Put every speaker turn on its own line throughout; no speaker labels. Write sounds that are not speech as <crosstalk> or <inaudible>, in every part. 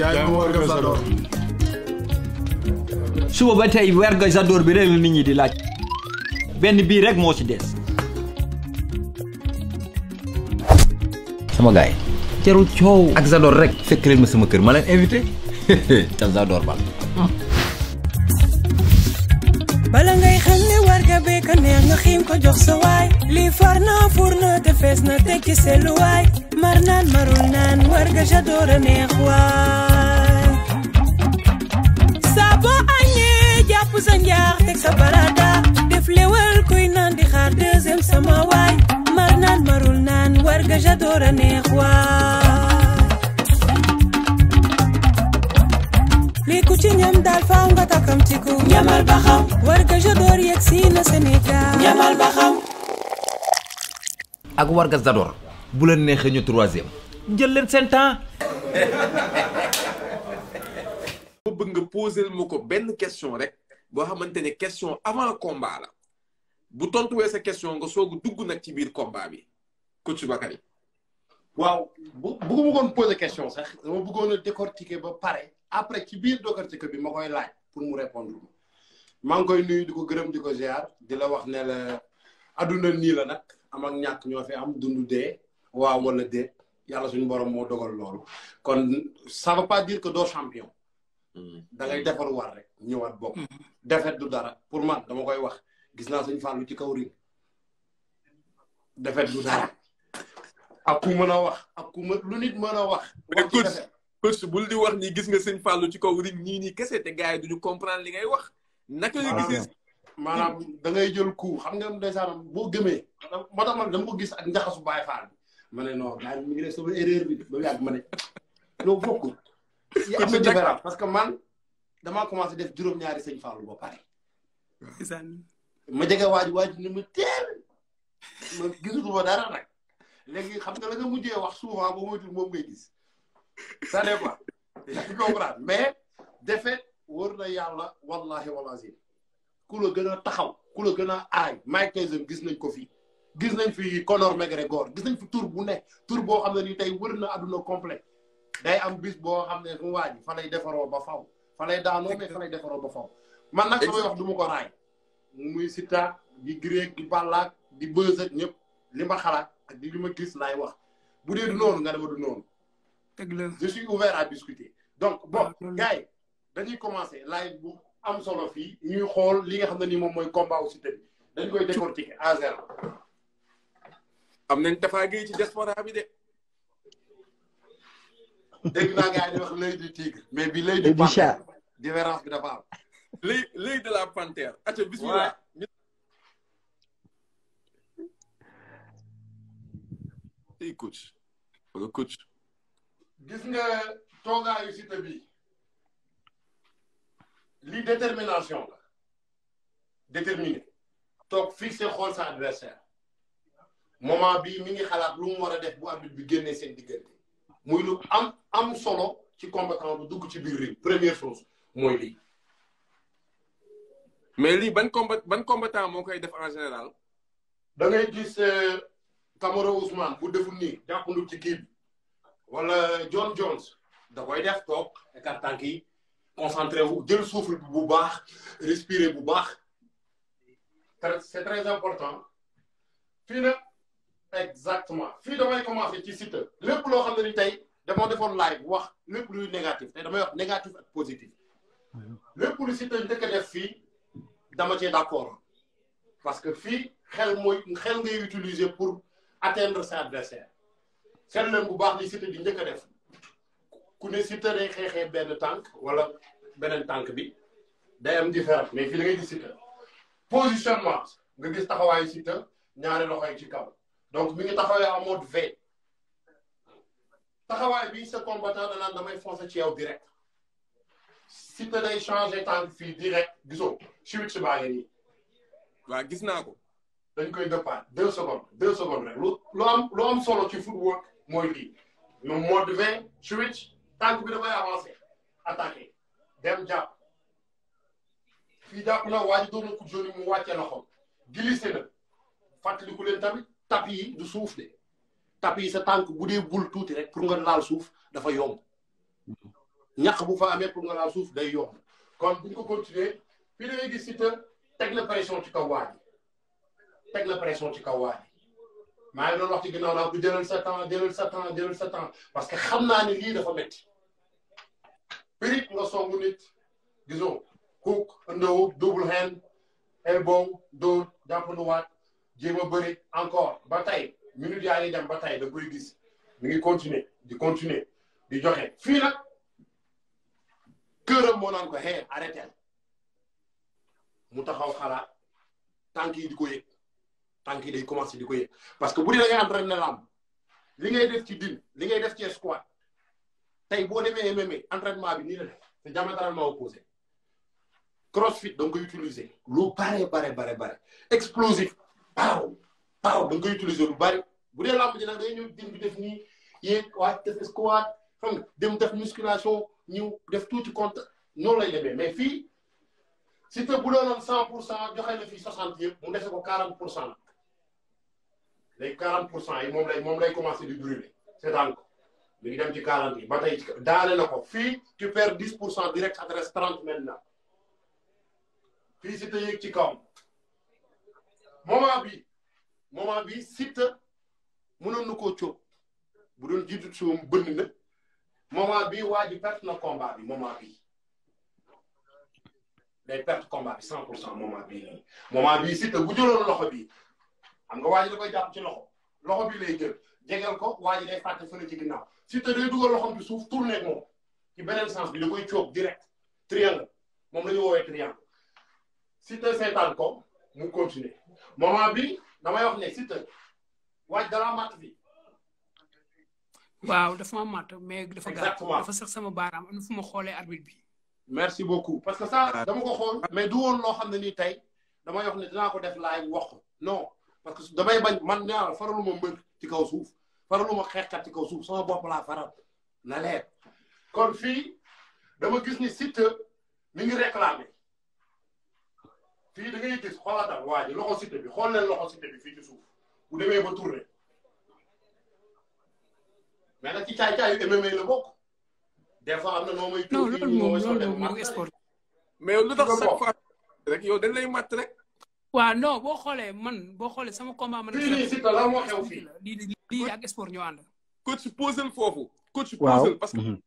jaay ma sa door suba ba tey werga sa bi rek la nit ñi di laaj benn bii rek moo ci des sama gaay jarul coow ak Zador rek fekk ma sama kër ma leen invité ca <laughs> Zador
bala ngay xam ne war nga bee neex nga xiim ko jox sa waay lii far na fur te fees na tekki seetlu waay mar naan marul naan war nga a neex waay yóbbu ku ci ñam daal faaw nga takkam ci ku ñamal ba xam warga j'adore yegg si
na Sénégal ñamal ba xam
ak warga j'adore bu leen neexee ñu troisième
jël leen seen temps
<laughs> bëgg nga poser ma ko benn question rek boo xamante ne question avant combat la bu tontuwee sa question nga soog a dugg nag ci biir combat bi coach Bakary. waaw bu bu ma bëggoon poser question sax dama bëggoon a décortiquer ba pare après ci biir décortiquer bi ma koy laaj pour mu répondre maa ngi koy nuyu di ko gërëm di ko ziar di la wax ne la adduna nii la nag am ak ñàkk ñoo fi am dundu dee waaw wala déet yàlla suñu borom moo dogal loolu kon ça veut pas dire que doo champion. Mm. dangay ngay mm. defar war rek ñëwaat bokk. Mm. defet du dara pour man dama koy wax gis naa suñu fàllu ci kaw ring defet du dara ak mën wax ak ku lu nit mën a wax. wax ci defet coach bul di wax ni gis nga sëñ fàllu ci kaw ring ñii nii kese te gars yi du ñu comprendre li ngay wax. naka nga gisee maanaam da ngay jël ku xam nga ndeysaan boo gëmee. moo tax man dama ko gis a njaxasu Baay Faal ma ne non gars mi ngi ne sama bi ba yàgg ma ne loo bokkul. am na différence parce que man damaa commencé def juróom-ñaari sëñ Fallou ba pare. ma jege waaj waaj ni mu teel ma gisatu dara nag lekk xam nga la nga mujjee wax souvent ba moytul moom ngay gis ça dépend tu comprends mais defet wóor na yàlla wallahi walazim ku la gën a taxaw ku la gën a aay Mike Tyson gis nañ ko fii gis nañ fi Conor McGregor gis nañ fi tur bu ne tur boo xam ne nii tey wër na àdduna complet day am bis boo xam ne mu waa ji fa lay defaroo ba faw fa lay daanoo mais fa lay defaroo ba faw man nag samay wax du ma ko raay muy sitaa di grek gi bàllaak di bës ak ñëpp li ma xalaat ak di li ma gis laay wax bu dee du noonu nga dama du noonu je suis ouvert à discuter donc bon ah, gars dañuy commencé live bu am solo fii ñuy xool li nga xam ne nii moom mooy combat aussi tamit dañ koy décortiquer à zéro am nañ Tapha Gueye ci diaspora bi de dégg naa gars yi wax l'œil du tigre mais bi l'œil du chat différence bi dafa am l'œil l'œil de la panthère aca bismillah tey coach wala coach gis nga toogaayu site bi li détermination la déterminé toog se xool sa adversaire moment bii mi ngi xalaat lu mu war a def bu arbitre bi génnee seen diggante muy lu am am solo ci combattant bu dugg ci biir ring première chose mooy lii. mais lii ban combat ban combattant moo koy def en général. da ngay gis euh, Camara Ousmane bu deful nii jàppandul ci kii bi wala John Jones da koy def toog écart tànk yi concentré wu jël souffle bu baax respirer bu baax. c'est très important fii nag. exactement fii damay commencer ci Siteu lépp loo xam ne ni tey dama defoon live wax lépp luy négatif tey damay wax négatif ak positif lépp lu Siteu njëkk a def fii dama ce d'accord parce que fii xel mooy xel ngay utiliser pour atteindre sa adversaire seet leen bu baax li Siteu di njëkk a def ku ne Siteu day xeexee benn tànk wala beneen tànk bi day am différence mais fii da ngay gis Siteu positionnement nga gis taxawaayu Siteu ñaari loxo yi ci kaw donc mi ngi taxawee en mode taxawaay bi sa combattant da naan damay foncer ci yow direct si te day changer fii direct gisoo siwit si baa nii. waaw gis naa ko. dañ koy dëppaat deux secondes deux secondes rek lu lu am lu am solo ci footwork mooy lii le mode V siwit bi damay avancer attaquer dem jàpp fii jàpp na waa ji doon mu wàcce loxoom glissé na fàttaliku leen tamit. tapi du suuf de tapi sa tànk bu dee bul tuuti rek pour nga laal suuf dafa yomb ñax bu fa amee pour nga laal suuf day yomb kon bu ko continuer fii da ngay gis teg la pression ci kaw waaj teg la pression ci kaw maa ngi doon wax ci ginnaaw naa jëlal sa temps jëlal sa temps jëlal sa temps parce que xam naa ni lii dafa métti pirit nga songu nit gisoo cook ndow double hand elbow dóor jàppanduwaat jéem a bëri encore ba tey minute yaa ngi dem ba tey da koy gis mi ngi continuer di continuer di joxe fii nag këram moo naan ko mu taxaw xalaa tànk yi di ko yëg tànk yi day commencé di ko yëg parce que bu dee da ngay entraîné làmb li ngay def ci din li ngay def ci squat tey boo demee MMA entraînement bi nii la def c'est diamétralement opposé crossfit da nga koy utiliser lu bare bare bare bare explosif paaw waaw da nga koy utiliser bu bari bu dee làmb ji nag day ñëw dindi def nii yéeg waat def ko waat nga dem def musculation ñëw def tuuti compte noonu lay demee mais fii si te bu doonoon cent pour cent joxe na fii soixante yëpp mu dese ko quarante pour cent léegi quarante pour cent yi moom lay moom lay commencé di brûler seetaan ko mi ngi dem ci quarante yi ba tey ci daane na ko fii tu perds dix pour cent direct adresse trente maintenant fii si te yëg ci moment bi moment bi Siteu mënoon na ko cóob bu doon jiitu ci moom bënn na moment bi waa ji perte na combat bi moment bi day perte combat bi cent pour cent moom bii nii moment bii Siteu bu jëloon loxo bi xam nga waa ji da koy jàpp ci loxo loxo bi lay jël jegeel ko waa ji day fàtte fële ci ginnaaw Siteu day dugal loxom ci suuf tourné ak moom ci beneen sens bi da koy cóob direct triangle moom la ñu woowee triangle Siteu seetaan ko mu continuer moment bi damay wax ne Siteu waaj dalaa màtt bi.
waaw dafa ma mais dafa gàtt dafa sax sama baaraam am na fu ma xoolee arbitre bi.
merci beaucoup parce que ça dama ko xool mais du woon loo
xam ne nii tey damay wax ne dinaa ko
def laay wax ko non parce que damay bañ man ñaar faralu ma mbër ci kaw suuf faralu ma xeexkat ci kaw suuf sama bopp laa faral na leer kon fii dama gis ni Siteu mi ngi réclamé. fii da ngay gis xoolaatal waa ji loxo cité bi xool leen loxo cité bi fii ci suuf bu demee ba tourné mais nag ci caay-caayu MMA la bokk des fois am na noo may. non loolu moom loolu moom sport
mais lu tax chaque fois rek yow dañ lay mat rek. waaw non boo xoolee man boo xoolee sama combat man. fii nii si la moo xew fii. lii lii ak sport ñoo ànd. coach posel foofu. coach posel parce que. Mhm.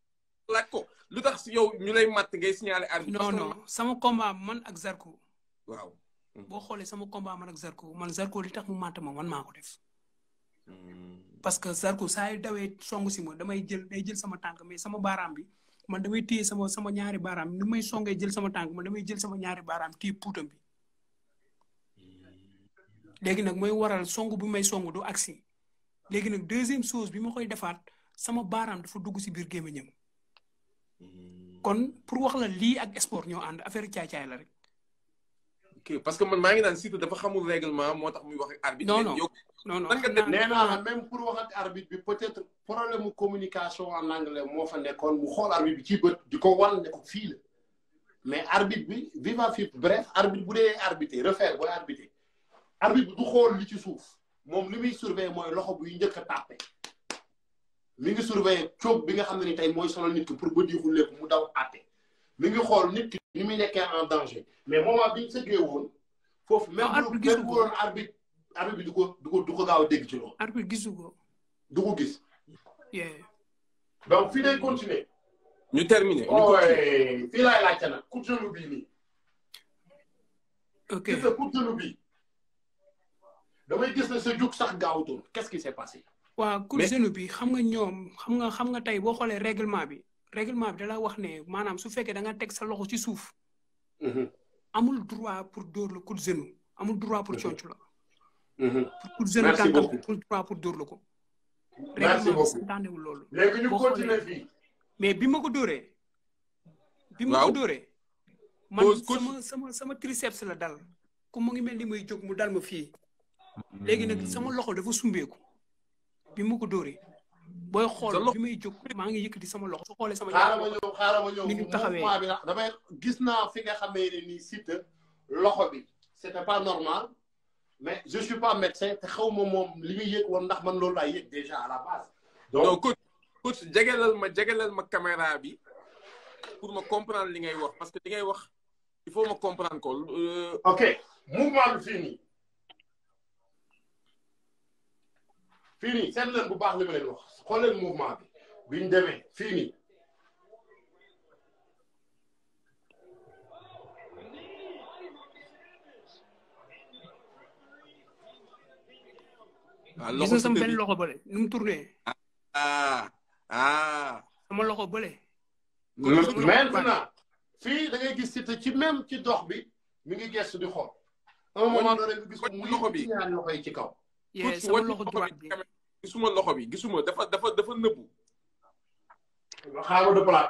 laaj ko lu tax yow ñu lay mat ngay signaler arbitre. non non sama combat man ak Zarko. waaw. Mhm. boo xoolee sama combat man ak Zarko man Zarko li tax mu màtt ma man maa ko def. Mhm. parce que Zarko saa yu dawee songu si ma damay jël day jël sama tànk mais sama baaraam bi man damay téye sama sama ñaari baaraam ni may songee jël sama tànk man damay jël sama ñaari baaraam téye puutam bi. Mhm. léegi nag mooy waral songu bu may songu du si léegi nag deuxième chose bi ma koy defaat sama baaraam dafa dugg si biir gémmiñam kon pour wax la lii ak sport ñoo ànd affaire caay la rek.
kii parce que man maa ngi naan Siteu dafa xamul règlement moo tax muy wax arbitre. bi peut-être problème communication en anglais moo fa nekkoon mu xool arbitre bi ci bët di ko wan ne fii la mais arbitre bi viva fi bref arbitre bu dee arbitre refaire booy arbitre arbitre bi du xool li ci suuf moom li muy surveiller mooy loxo buy njëkk a tàppe mi ngi surveiller cóog bi nga xam ne ni tey mooy solo nit ki pour ba diixul lépp mu daw àtte mi ngi xool ni mu nekkee en danger mais moment bi ñu woon. foofu même bu même bu doon arbitre arbitre bi du ko du ko du ko gaaw a dégg ci loolu. arbitre gisu ko. du ko gis. donc fii day continuer. ñu terminer ñu oh, continuer fii laay laajte nag couteau bii nii. ok gis nga couteau damay gis na sa jug sax gaawutoon qu'est-ce qui s'est passé.
waaw couteau bi xam nga ñoom xam nga xam nga tey boo xoolee règlement bi. règlement bi dala wax ne maanaam su fekkee da nga teg sa loxo ci suuf. Mm-hmm. amul droit pour dóor la coup de amul droit pour mm-hmm. conc la. Mm-hmm. pour coup de genou tànkam droit pour dóor la ko. merci beaucoup règlement bi loolu. léegi ñu continuer fii. mais bi ma ko dóoree. bi ma ko dóoree. man sama sama sama triceps la dal. ku mu ngi mel ni muy jóg mu dal ma fii. léegi nag sama loxo dafa sumbeeku. bi ma ko dóoree. booy xool fi muy jóg maa ngi yëkkati sama loxo soo xoolee sama. xaaral ma ñëw xaaral ma ñëw
mouvement gis naa fi nga xamee ne nii Siteu loxo bi c'était pas normal mais je suis pas médecin te xaw ma moom li muy yëg woon ndax man loolu laay yëg déjà à la base. donc coach jegelal ma jegelal ma caméra bi pour ma comprendre li ngay wax parce que li ngay wax il faut ma comprendre ko. Euh, ok mouvement bi fii fii nii seet bu baax la ma leen wax xool leen mouvement bi biñ demee fii nii
waaw loxo gis nga sama benn loxo bële nu mu tourné.
Ah, ah. sama loxo bële. maintenant fii da ngay gis Siteu ci même ci dox bi mi ngi gestu di xool.
un moment donné nga gis ko mu
loxo bi ñaari loxo yi ci kaw. sama loxo droite gisuma loxo bi gisuma dafa dafa dafa nëbbu. xaaral de palaat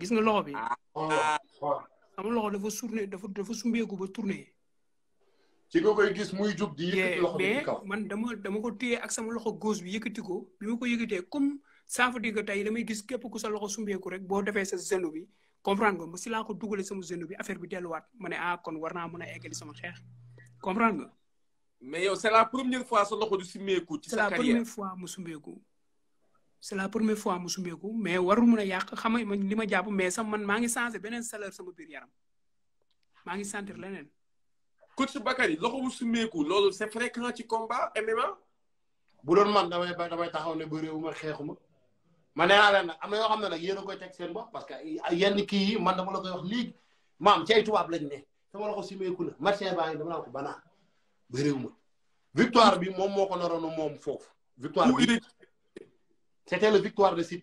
gis nga loxo bi. Ah. amul loxo dafa tourné dafa dafa sumbeeku ba tourné.
ci nga gis muy jub di yëkkati loxo bi ci kaw
man dama dama ko téye ak sama loxo gauche bi yëkkati ko bi ma ko yëkkatee comme ça veut dire que tey damay gis képp ku sa loxo sumbeeku rek boo defee sa zéno bi. comprendre nga ma si laa ko dugalee sama jeune bi affaire bi delluwaat ma ne ah kon war naa mën a eggali sama xeex comprendre nga. mais yow c' est la première fois sa loxo du summeeku ci sa la première fois mu summeeku. mu summeeku mais warul mun a yàq xam nga li ma jàpp mais sax man maa ngi changé beneen salaire sama biir yaram maa ngi sentir leneen. coach Bakary loxo bu summeeku loolu c' est fréquent
ci combat MMA. bu doon man damay damay taxaw ne bëreewuma xeexuma. ma nee naa leen nag am na yoo xam ne nag yéen a koy teg seen bopp parce que yenn kii man dama la koy wax léegi maam ci ay tubaab lañ ne sama la ko simeeku la marché baa ngi dama la ko banaan ba réew ma victoire bi moom moo ko naroon moom foofu victoire bi c'était la victoire de fii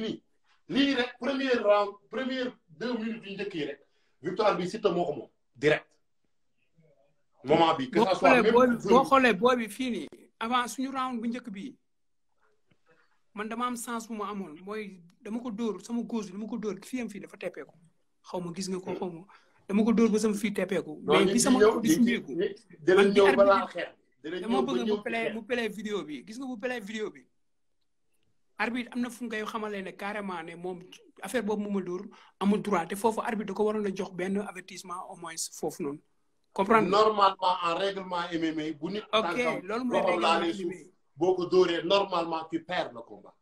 nii lii rek première round première deux minutes yu njëkk yi rek
victoire bi Siteu moo ko moom
direct moment bi que ça soit même boo
xoolee boo bi fii nii avant suñu round bu njëkk bi man dama am sens bu ma amoon mooy dama ko dóor sama góos bi dama ko dóor fii am fii dafa teppeeku xaw ma gis nga ko hmm. xaw ma dama ko dóor ba sama fii teppeeku. mais bi sama kaw di sumbeeku. dinañ ñëw balaa xeex dama bëgg mu play mu play vidéo bi gis nga bu play vidéo bi. arbitre am na fu ngay xamalee ne carrément ne moom affaire boobu mu ma dóor amul droit te foofu arbitre da ko waroon a jox benn avertissement au moins foofu noonu. comprendre normalement en règlement MMA
bu nit. ok loolu mooy règlement MMA boo ko dóoree normalement tu perds le combat.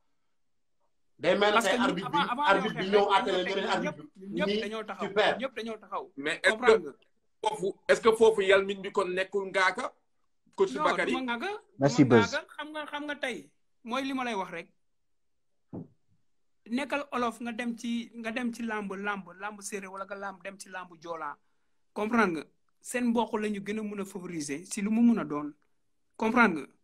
day mel a tey arbitre bi arbitre bi ñëw àttale ñeneen arbitre bi nii tu perds
ñëpp dañoo taxaw mais est-ce que foofu est-ce que foofu yal min bi kon nekkul ngaaka. coach si merci bës xam nga xam nga tey mooy li ma lay wax rek. nekkal olof nga dem ci nga dem ci làmb làmb làmb séeréer wala nga làmb dem ci làmb joolaa comprendre nga seen mbokk la ñu gën a mun a favoriser si lu mu mun a doon comprendre nga.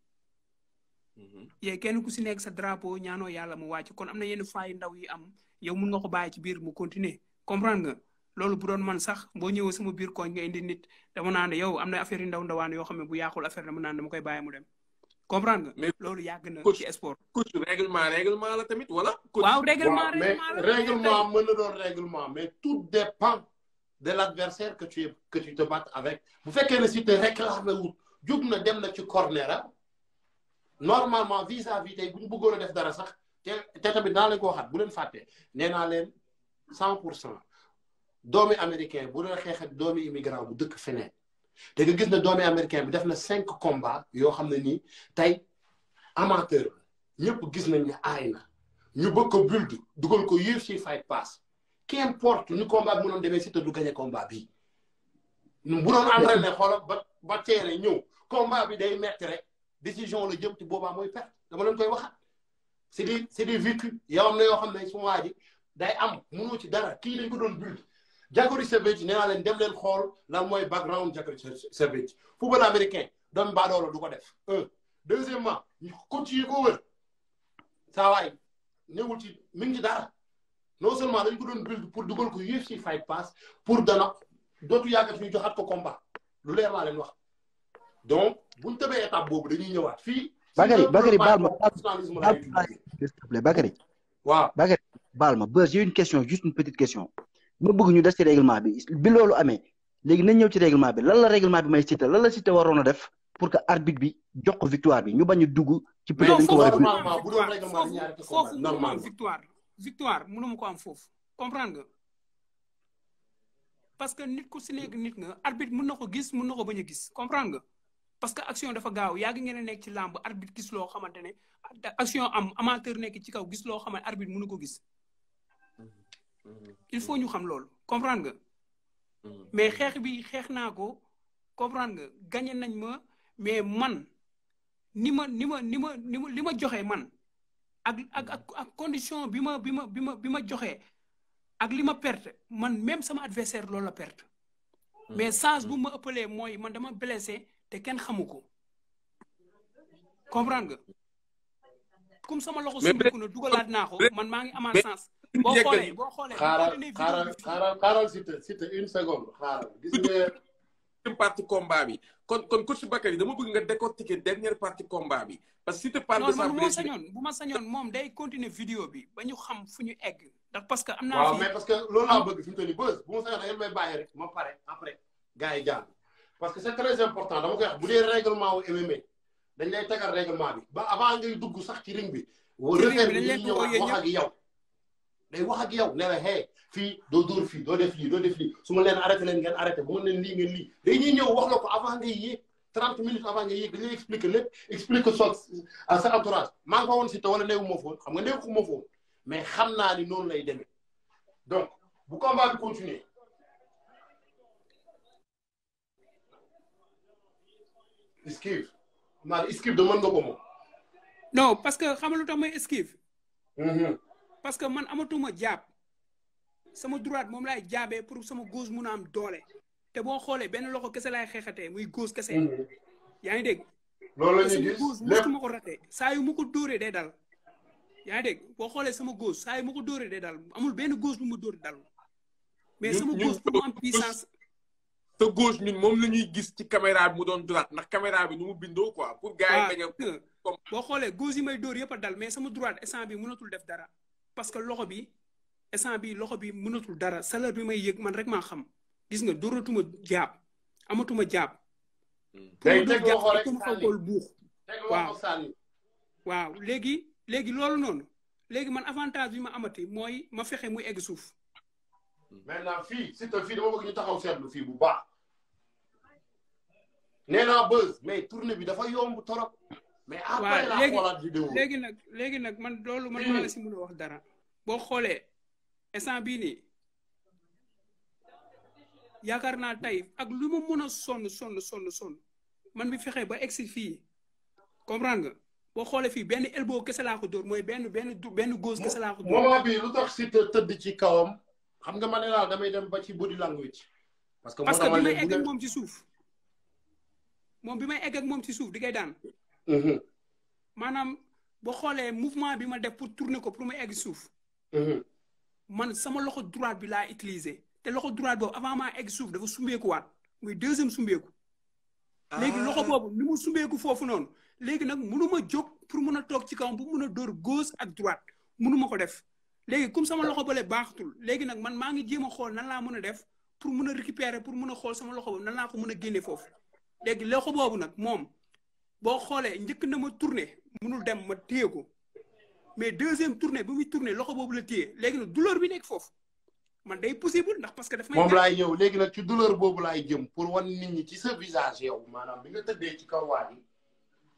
Mm-hmm. yee kenn ku si nekk sa drapeau ñaanoo yàlla mu wàcc kon am na yenn faayu ndaw yi am yow mun nga ko bàyyi ci biir mu continuer comprendre nga loolu bu doon man sax boo ñëwee sama biir koñ nga indi nit dama naan yow am na affaire yu ndaw ndawaan yoo xam ne bu yàqul affaire dama naan dama koy bàyyi mu dem comprendre nga. loolu yàgg na ci sport. coach règlement règlement la tamit wala. waaw règlement règlement la mais règlement mën na doon règlement mais
tout dépend de l' adversaire que tu que tu te battes avec bu fekkee ne si te réclame wut jóg na dem na ci corner ah. normalement vis-à-vis tey bu ñu a def dara sax te te tamit naa leen ko waxaat bu leen fàtte nee naa leen cent pour cent doomi américain bu doon xeex ak doomi immigrant bu dëkk feneen te nga gis ne doomi américain bi def na cinq combats yoo xam ne nii tey amateur ñëpp gis nañ ne aay na ñu bëgg ko build dugal ko UFC fight pass qu'importe ñu combat bi mënoon demee si te du gagné combat bi bu doon entraîné xoolal ba ba teere ñëw combat bi day metti rek décision la jëm ci boobaa mooy perte dama leen koy waxaat c'est des c'est des vécus yow am na yoo xam ne su waa ji day am mënoo ci dara kii lañ ko doon build Jacqueline Servette nee naa leen dem leen xool lan mooy background Jacqueline Servette football américain doomu baadoola du ko def un deuxièmement ñu continuer ko wër saa waay newul ci mi ngi ci dara non seulement dañ ko doon build pour dugal ko UFC Fight Pass pour dana dootu yàggat ñu joxaat ko combat lu leer laa leen wax donc bu ñu tëbee étape boobu dañuy ñëwaat fii. Bakary Bakary baal ma s'il te plaît Bakary. waaw Bakary baal ma Beuz j'ai une question juste une petite question. ma bëgg ñu des ci règlement bi bi loolu amee léegi nañ ñëw ci règlement bi lan la règlement bi may Siteu lan la Siteu waroon a def pour que arbitre bi jox ko victoire bi ñu bañ a dugg. ci peut être dañ ko war a. normalement
ma ko am foofu comprendre nga. parce que nit ko si nekk nit nga arbitre mën na ko gis mun na ko bañ a gis comprendre nga. parce que action dafa gaaw yaa ngi ngeen nekk ci làmb arbitre gis loo xamante ne action am amateur nekk ci kaw gis loo xam ne mu mënu ko gis. il faut ñu xam loolu comprendre nga. mais xeex bi xeex naa ko comprendre nga gagné nañ ma mais man ni ma ni ma ni li ma joxe man ak ak ak condition bi ma bi ma bi ma bi ma joxe ak li ma perte man même sama adversaire loolu la perte. mais chance bu ma ëppalee mooy man dama blessé. te kenn xamu ko comprendre nga. comme sama loxo sumbiku na dugalaat naa ko man maa ngi amaat sens. boo boo xoolee xaaral xaaral
xaaral Siteu Siteu une seconde xaaral gis bi kon kon coach Bakary dama bëgg nga décortiquer dernière partie combat bi parce que Siteu parle de sa bu ma sañoon
bu ma sañoon moom day continuer vidéo bi ba ñu xam fu ñu egg ndax parce que am naa. waaw mais parce que loolu laa bëgg fi mu toll nii bës bu ma sañoon da
ngeen may bàyyi rek ma pare après gars yi parce que c'est très important dama koy wax bu dee règlement wu MMA dañ lay tegal règlement bi ba avant ngay dugg sax ci ring bi. refaire bi yow. day wax ak yow ne la hey fii doo dóor fii doo def lii doo def leen arrêté leen ngeen arrêté bu ma leen lii ngeen lii dañuy ñëw wax la ko a ngay yéeg 30 minutes avant ngay yéeg dañuy expliquer lépp expliquer soog euh, sa entourage maa ngi ko woon si te wala néew moo foon xam nga foon mais xam naa ni noonu lay demee donc bu combat bi continuer
esquive maanaam esquive de mën nga ko moom. non parce que xam nga lu tax may esquive. Mm-hmm. parce que man amatuma jaab. sama droite moom laay jaabee pour sama gauche mun a am doole. te boo xoolee benn loxo kese laay xeexatee muy gauche kese. Mm-hmm. yaa ngi dégg. loolu la ñuy ma ko ratee saa yu ma ko dóoree day daal yaa ngi dégg boo xoolee sama gauche saa ma ko dóoree day dal amul benn gauche bu ma dóoree dal. mais sama gauche pour mu am puissance. te gauche ñun moom la ñuy gis ci caméra bi mu doon droite ndax caméra bi nu mu bindoo ko pour gars yi bañ boo xoolee gauche yi may dóor yëpp a dal mais sama droite instant bi mënatul def dara parce que loxo bi instant bi loxo bi mënatul dara salaire may yëg man rek maa xam gis nga dóoratuma jaab amatuma jaab.
day teg loxo rek
buux. waaw waaw léegi léegi loolu noonu léegi man avantage bi ma amati mooy ma fexe mu egg suuf. maintenant fii si fii dama bëgg ñu taxaw seetlu fii bu baax. nee naa buzz mais tournée
bi dafa yomb torop
mais après la xoolaat vidéo léegi nag léegi nag man loolu man maa si mën a wax dara boo xoolee instant bii nii yaakaar naa tey ak lu ma mun a sonn sonn sonn sonn man bi fexe ba egsi fii comprendre nga boo xoolee fii benn elbow kese laa ko dóor mooy benn benn du benn gauche kese laa ko dóor lu tax si tëdd ci kawam xam nga ma ne laa damay dem ba ci body
language parce que parce que bi may egg moom
ci suuf moom bi may egg ak moom ci suuf di koy daan. Mhm. maanaam boo xoolee mouvement bi ma def pour tourner ko pour ma egg suuf. Mhm. man sama loxo droite bi laa utiliser te loxo droite boobu avant maa egg suuf dafa sumbeeku waat muy deuxième sumbeeku. Ah. léegi loxo boobu ni mu sumbeeku foofu noonu léegi nag munu ma jóg pour mun a toog ci kawam bu mën a dóor gauche ak droite mënu ma ko def. léegi comme sama loxo baax tul léegi nag man maa ngi jéem a xool nan laa mën a def pour mun a récupérer pour mën a xool sama loxo nan laa ko a génne foofu. léegi loxo boobu nag moom boo xoolee njëkk na ma tourné mënul dem ma téye ko mais deuxième tournée bu muy tourné loxo boobu la téye léegi nag douleur bi nekk foofu man day possible ndax parce que daf may. moom laay ñëw
léegi nag ci douleur boobu laay jëm pour wan nit ñi ci sa visage yow maanaam bi nga tëddee ci kaw waat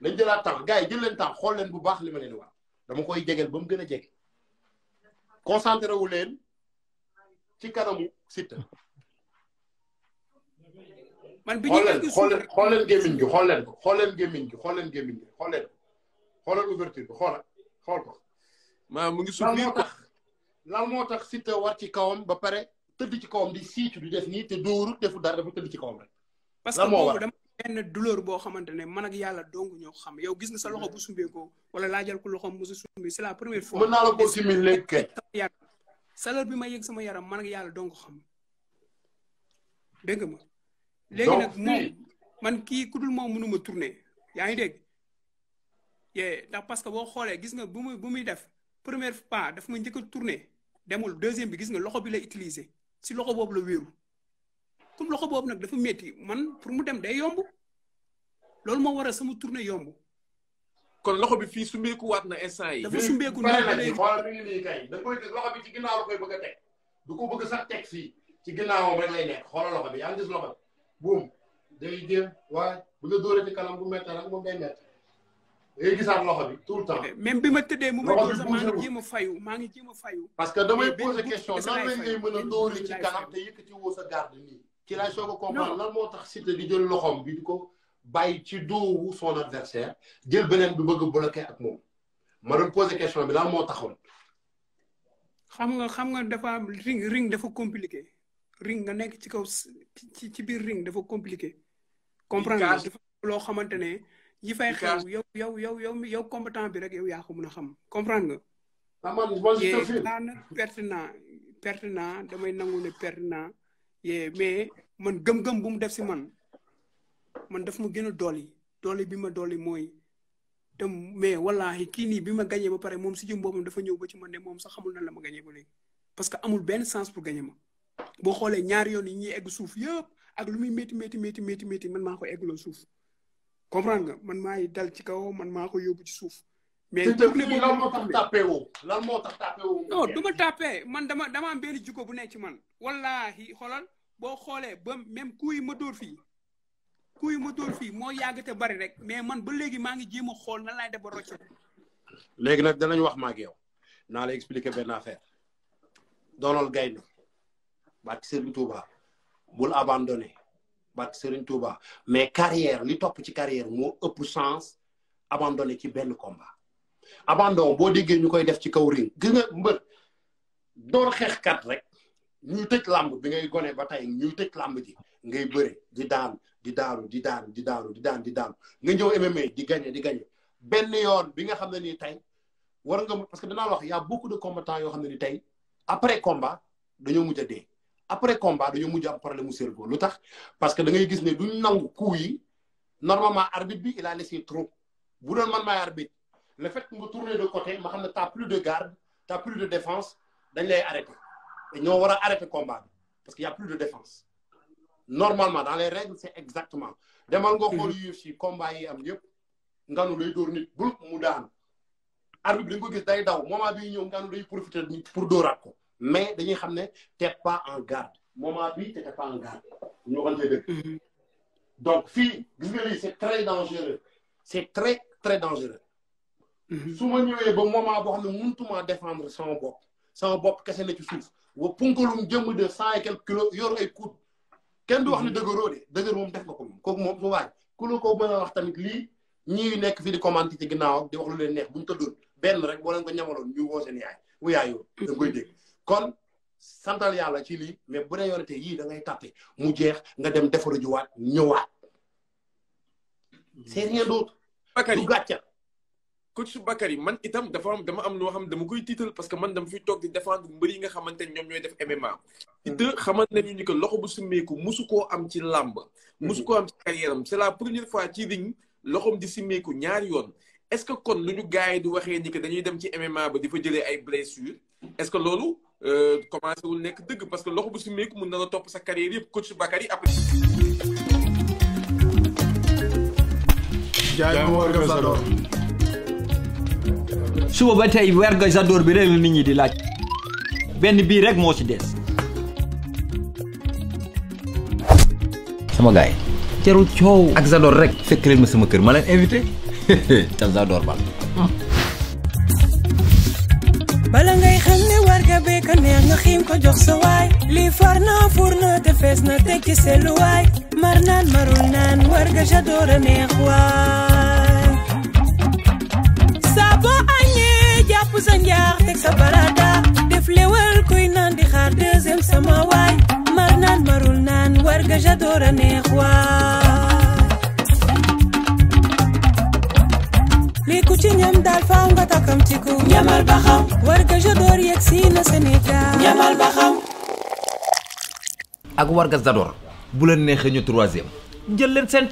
jëlaat temps gars yi jël leen temps xool leen bu baax li ma leen wax dama koy jegeel ba mu gën a jege concentré wu leen ci kanamu Siteu man bi ñu nekk suuf rek xool leen gémmiñ gi xool leen ko xool leen gémmiñ gi xool leen gémmiñ gi xool leen ko xoolal ouverture bi xoolal xool ko. maa mu ngi suuf moo tax lan moo tax Siteu war ci kawam ba pare tëdd ci kawam di siitu di def nii te dóoru defu dara dafa tëdd ci kawam rek. parce que boobu dama
benn douleur boo xamante ne man ak yàlla dong ñoo xam yow gis nga sa loxo bu sumbee ko wala laajal ko loxoom mosu sumbee c'est la première fois. mën naa la ko simil léegi salaire bi ma yëg sama yaram man ak yàlla dong xam dégg nga ma. léegi nag moom man kii ku dul moom mënu ma tourner yaa ngi dégg. yee ndax parce que boo xoolee gis nga bu muy bu muy def première pas daf ma njëkk a demul deuxième bi gis nga loxo bi la utiliser si loxo boobu la wéeru comme loxo boobu nag dafa metti man pour mu dem day yomb loolu moo waral sama tournée yomb. kon loxo bi fii sumbeeku waat na instant yi. dafa sumbeeku noonu la léegi xoolal
mi loxo bi ci ginnaaw du ko bëgg sax teg fii ci ginnaawam rek loxo bi yaa ngi loxo buum day jéem waaye bu la dóoree ci kanam bu méttee
rek moom day métti
day gisaat loxo bi tout le temps. même bi ma
tëddee mu may dóor sax maa ngi jéem a fayu maa ngi jéem a fayu. parce que damay poser question nan lañ ngay mën a dóori ci kanam te yëkkati woo sa
garde nii. ci laay soog lan moo tax Siteu di jël loxoom bi di ko bàyyi ci doowu son jël beneen bi bëgg a ak moom ma doon poser bi lan moo taxoon.
xam nga xam nga dafa ring dafa compliqué. ring nga nekk ci kaw ci ci biir ring dafa compliqué.
comprendre
loo xamante ne. yi fay xew yow yow yow yow yow compétent bi rek yow yaa ko a xam comprendre nga. Ah, yee naan pertinent pertinent damay nangu ne pertinent yee mais man gëm-gëm bu mu def si man man daf mu gën a dolli dolli bi ma dolli mooy te mais wallaahi kii nii bi ma gañee ba pare moom si jëm boppam dafa ñëw ba ci man ne moom sax xamul na la ma gañee ba léegi parce que amul benn sens pour gañe ma boo xoolee ñaari yoon yi ñuy egg suuf yëpp ak lu muy métti métti métti métti métti man maa ko eggloo suuf comprendre nga man maay dal ci kaw man maa ko yóbbu ci suuf. mais déglu lan moo tax moo tax du ma tapé man dama dama am benn jikko bu nekk ci man. wallaahi xoolal boo xoolee ba même kuy ma dóor fii kuy ma dóor fii moo yàgg te bari rek mais man ba léegi maa ngi jéem a xool nan laay def ba rocc.
léegi nag danañ wax ma ak naa la expliquer benn affaire doolool gaynde barki Serigne Touba bul abandonné barki Serigne Touba mais carrière li topp ci carrière moo ëpp chance abandonné ci benn combat abandon boo déggee ñu koy def ci kaw ring gis nga mbër door xeexkat rek ñuy tëj làmb bi ngay gone ba tey ñuy tëj làmb ji ngay bëre di daanu di daanu di daanu di daanu di daan di daanu nga ñëw MMA di gagné di gagné benn yoon bi nga xam ne ni tey war nga parce que danaa wax y a beaucoup de combattants yoo xam ne ni tey après komba dañoo mujj a dee après combat dañoo mujj am problème mu cerveau lu tax parce que da gis ne duñ nangu coup yi normalement arbitre bi il a laissé trop bu doon man maay arbitre le fait que nga tourner de côté ma xam ne t'as plus de garde t'as plus de défense dañ lay arrêté te ñoo war a arrêté combat parce que y a plus de défense normalement dans les règles c'est exactement demal nga xool mhm. UFC combat yi am yëpp nganu lay dóor nit bul mu daanu arbitre bi dañ ko gis day daw moment bi ñëw nganu day profité pour dóoraat ko mais dañuy xam ne t'es pas en garde moment bi t'es pas en garde mm-hmm. donc fii gis nga lii c'est très dangereux c'est très très dangereux mm-hmm. su ma ñëwee ba moment boo xam ne mënutuma défendre sama bopp sama bopp kese na ci suuf wa punkalum jëmm de cent et quelques kilos yor ay coude kenn du wax ni mm-hmm. dëgëroo de dëgër moom def nga ko moom kooku moom su waay ku la ko mën a wax tamit lii ñii nekk fii di commenter ci ginnaaw di wax lu leen neex bu ñu tëddoon benn rek boo leen ko ñamaloon ñu woo seen yaay kon santal yàlla ci lii mais bu dee yorete yii da ngay tàtte mu jeex nga dem defaru juwaat ñëwaat c'est rien d'autre du gàcca coach Bakary man itam dafa am dama am loo xam dama koy tiital parce que man dama fi toog di défendre mbër yi nga xamante ne ñoom ñooy def MMA. te xamante nañu ni que loxo bu simmeeku musu koo am ci làmb. Hmm. musu koo am ci carrière am c'est la première fois ci ring loxoom di simmeeku ñaar yoon est-ce que kon lu ñu gars yi di waxee ni dañuy dem ci MMA ba di fa jëlee ay blessures est que loolu. Euh, commencé wul nekk dëgg parce que loxo bu si mun na la topp sa carrière yëpp coach Bakary après.
jaay ma werga Zador. suba ba tey werga Zador bi rek la nit ñi di laaj. benn bii rek moo ci des. sama gars yi. jarul coow ak Zador rek. fekk leen ma sama kër ma leen invité <laughs> tam Zador ba
bala ngay nga bëgg neex nga xiim ko jox sa waay lii far na fur na te fees na teg ci selu waay mar naan marul naan war nga j'adore a neex waay saa boo añee jàpp sa njaax teg sa balada def lewal kuy naan di xaar deuxième sama waay mar naan marul naan war nga j'adore a neex waay li ku ci ñam daal faaw nga takkamtiku ñamal ba war ga Jador yegg na Sénégal ñamal ba xam
ak war ga Jador bu leen neexee ñu troisième
jël leen seen